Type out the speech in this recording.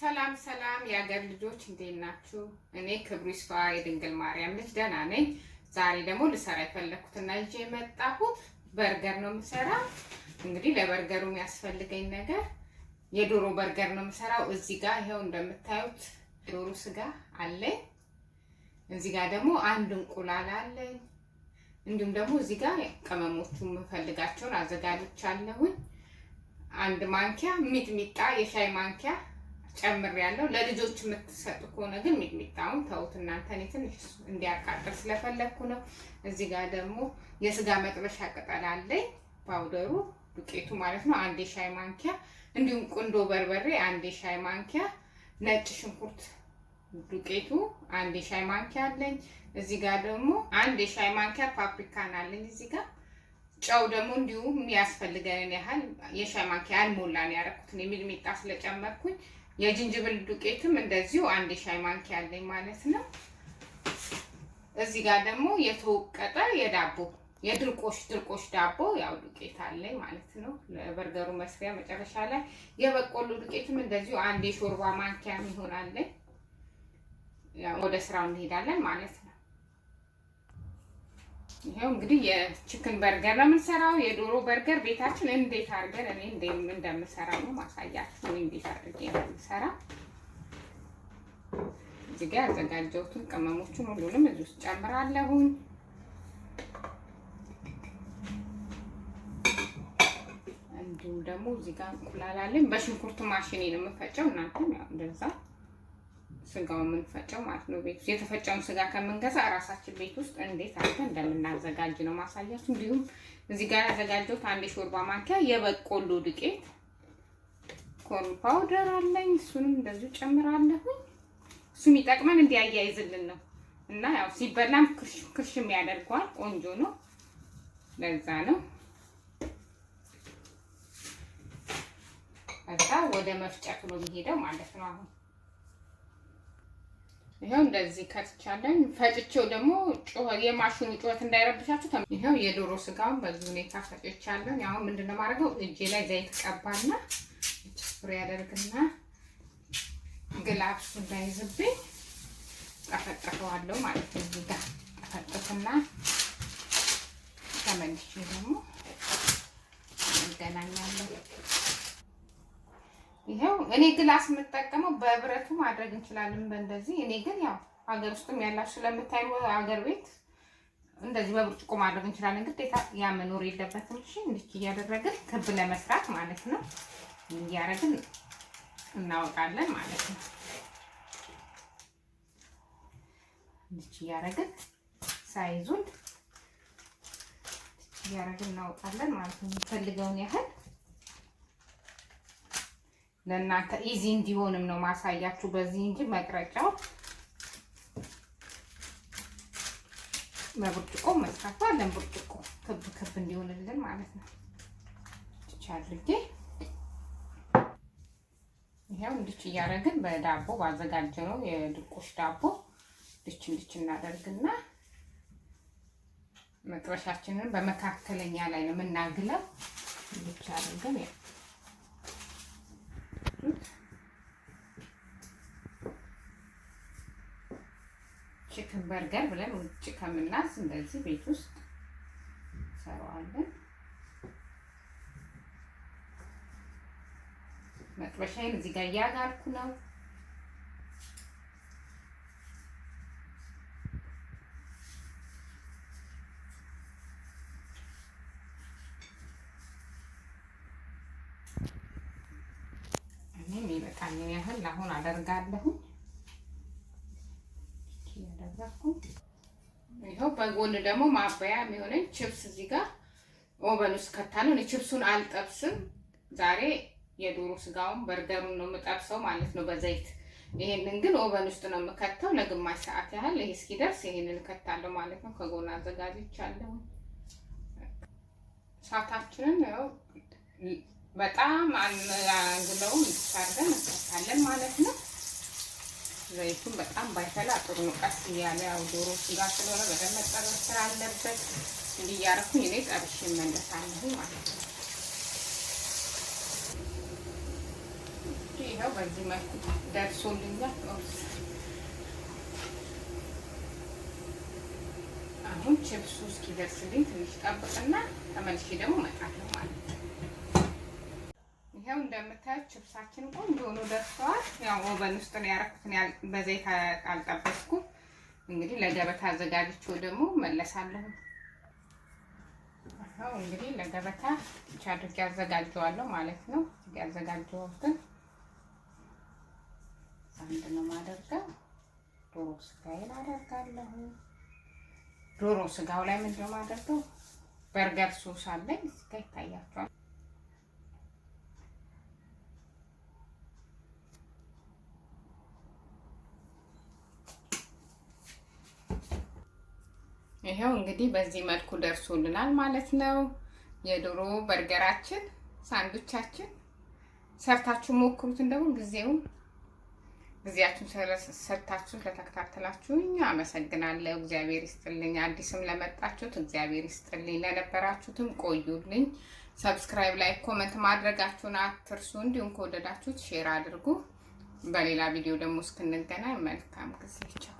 ሰላም ሰላም የአገር ልጆች እንዴት ናችሁ? እኔ ክብሩ ይስፋ የድንግል ማርያም ልጅ ደህና ነኝ። ዛሬ ደግሞ ልሰራ የፈለግኩትና ይዤ የመጣሁት በርገር ነው የምሰራ። እንግዲህ ለበርገሩ የሚያስፈልገኝ ነገር የዶሮ በርገር ነው የምሰራው። እዚህ ጋር ይኸው እንደምታዩት ዶሮ ስጋ አለኝ። እዚህ ጋር ደግሞ አንድ እንቁላል አለኝ። እንዲሁም ደግሞ እዚህ ጋር ቅመሞቹ የምፈልጋቸውን አዘጋጆች አንድ ማንኪያ ሚጥሚጣ የሻይ ማንኪያ ጨምር ያለው ለልጆች የምትሰጡ ከሆነ ግን ሚጥሚጣውን ተውት እናንተ። እኔ ትንሽ እንዲያቃጥል ስለፈለግኩ ነው። እዚህ ጋር ደግሞ የስጋ መጥበሻ ቅጠል አለኝ። ፓውደሩ ዱቄቱ ማለት ነው። አንድ የሻይ ማንኪያ እንዲሁም ቁንዶ በርበሬ አንድ የሻይ ማንኪያ፣ ነጭ ሽንኩርት ዱቄቱ አንድ የሻይ ማንኪያ አለኝ። እዚህ ጋር ደግሞ አንድ የሻይ ማንኪያ ፓፕሪካን አለኝ። እዚህ ጋር ጨው ደግሞ እንዲሁም የሚያስፈልገንን ያህል የሻይ ማንኪያ ያልሞላን ያደረኩትን ሚጥሚጣ ስለጨመርኩኝ የጅንጅብል ዱቄትም እንደዚሁ አንድ ሻይ ማንኪያ አለኝ ማለት ነው። እዚህ ጋር ደግሞ የተወቀጠ የዳቦ የድርቆሽ ድርቆሽ ዳቦ ያው ዱቄት አለኝ ማለት ነው። ለበርገሩ መስሪያ መጨረሻ ላይ የበቆሎ ዱቄትም እንደዚሁ አንድ የሾርባ ማንኪያ ይሆናለኝ። ወደ ስራው እንሄዳለን ማለት ነው። ይሄው እንግዲህ የቺክን በርገር ነው የምንሰራው። የዶሮ በርገር ቤታችን እንዴት አድርገን እኔ እንደምሰራው ነው ማሳያችሁ። እንዴት አድርጌ እንደምሰራ እዚህ ጋር ያዘጋጀሁትን ቅመሞችን ሁሉንም እዚህ ውስጥ ጨምራለሁኝ። እንዲሁም ደግሞ እዚህ ጋር እንቁላላለን። በሽንኩርት ማሽኔ ነው የምፈጨው። እናንተም ያው እንደዛ ስጋውን የምንፈጨው ማለት ነው። ቤት ውስጥ የተፈጨውን ስጋ ከምንገዛ እራሳችን ቤት ውስጥ እንዴት አድርገን እንደምናዘጋጅ ነው ማሳያችሁ። እንዲሁም እዚህ ጋር ያዘጋጀሁት አንድ የሾርባ ማንኪያ የበቆሎ ዱቄት፣ ኮርን ፓውደር አለኝ። እሱንም እንደዚሁ ጨምራለሁኝ። እሱ ይጠቅመን እንዲህ አያይዝልን ነው እና ያው ሲበላም ክርሽም ያደርገዋል። ቆንጆ ነው። ለዛ ነው። ከዛ ወደ መፍጨት ነው የሚሄደው ማለት ነው አሁን ይኸው እንደዚህ ከትቻለን። ፈጭቼው ደግሞ የማሽኑ ጩኸት እንዳይረብሻችሁ ይኸው የዶሮ ስጋውን በዚህ ሁኔታ ፈጭቻለሁ። አሁን ምንድነው ማድረገው እጄ ላይ ዘይት ቀባና ስፕሬ ያደርግና ግላብሱ እንዳይዝብኝ ጠፈጠፈዋለሁ ማለት ነው። እዚህ ጋር ጠፈጥፍና ተመልሼ ደግሞ እንገናኛለን። ይሄው እኔ ግላስ የምጠቀመው በብረቱ ማድረግ እንችላለን። በእንደዚህ እኔ ግን ያው ሀገር ውስጥም ያላችሁ ስለምታዩ ሀገር ቤት እንደዚህ በብርጭቆ ማድረግ እንችላለን። ግዴታ ያ መኖር የለበትም። እሺ እንዲህ እያደረግን ክብ ለመስራት ማለት ነው እያደረግን እናወጣለን ማለት ነው። እንዲህ እያደረግን ሳይዙን እያደረግን እናወጣለን ማለት ነው የሚፈልገውን ያህል ለእናንተ ኢዚ እንዲሆንም ነው ማሳያችሁ በዚህ እንጂ መቅረጫው በብርጭቆ መስራት አለን። ብርጭቆ ክብ ክብ እንዲሆንልን ማለት ነው። እንድች አድርጌ ይኸው እንድች እያደረግን በዳቦ ባዘጋጀነው የድቆሽ ዳቦ እንድች እንድች እናደርግና መጥበሻችንን በመካከለኛ ላይ ነው የምናግለው። እንድች አድርገን ቺክን በርገር ብለን ውጭ ከምናስ እንደዚህ ቤት ውስጥ ሰራዋለን። መጥበሻዬን እዚህ ጋር እያጋልኩ ነው። እኔም ይበቃኝን ያህል አሁን አደርጋለሁ። አላበዛኩም። ይኸው በጎን ደግሞ ማበያ የሚሆነኝ ችፕስ እዚህ ጋር ኦቨን ውስጥ ከታለሁ። እኔ ችፕሱን አልጠብስም ዛሬ የዶሮ ስጋውን በርገሩን ነው የምጠብሰው ማለት ነው በዘይት። ይሄንን ግን ኦቨን ውስጥ ነው የምከተው ለግማሽ ሰዓት ያህል። ይሄ እስኪደርስ ይሄንን እከታለሁ ማለት ነው። ከጎን አዘጋጅቻለሁ። እሳታችንን ያው በጣም አንግለውን እንድታርገን ማለት ነው። ዘይቱን በጣም ባይፈላ ጥሩ ነው። ቀስ እያለ ያው ዶሮ ስጋ ስለሆነ በደንብ መጠበስ ስላለበት እንዲያረኩኝ እኔ ጠብሼ እመለሳለሁ ማለት ነው። ይኸው በዚህ መልኩ ደርሶልኛል። አሁን ችብሱ እስኪደርስልኝ ትንሽ ጠብቅና ተመልሼ ደግሞ እመጣለሁ ማለት ነው። ይኸው እንደምታዩት ችብሳችን ቆንጆ ሆኖ ደርሰዋል። ያው ኦቨን ውስጥ ነው ያደረኩትን በዘይት አልጠበስኩ። እንግዲህ ለገበታ አዘጋጅቼው ደግሞ መለሳለሁ። ይኸው እንግዲህ ለገበታ ብቻ አድርጌ ማለት ነው። ያዘጋጀሁትን አንድ ነው ማደርገው። ዶሮ ስጋዬን አደርጋለሁ። ዶሮ ስጋው ላይ ምንድነው ማደርገው? በርገር ሶስ አለኝ፣ ስጋ ይታያቸዋል ይሄው እንግዲህ በዚህ መልኩ ደርሶልናል ማለት ነው። የዶሮ በርገራችን ሳንዱቻችን ሰርታችሁ ሞክሩት። እንደውም ጊዜውም ጊዜያችሁን ሰርታችሁ ለተከታተላችሁኝ አመሰግናለሁ። እግዚአብሔር ይስጥልኝ። አዲስም ለመጣችሁት እግዚአብሔር ይስጥልኝ። ለነበራችሁትም ቆዩልኝ። ሰብስክራይብ፣ ላይ ኮመንት ማድረጋችሁን አትርሱ። እንዲሁም ከወደዳችሁት ሼር አድርጉ። በሌላ ቪዲዮ ደግሞ እስክንገናኝ መልካም ጊዜ ቻው።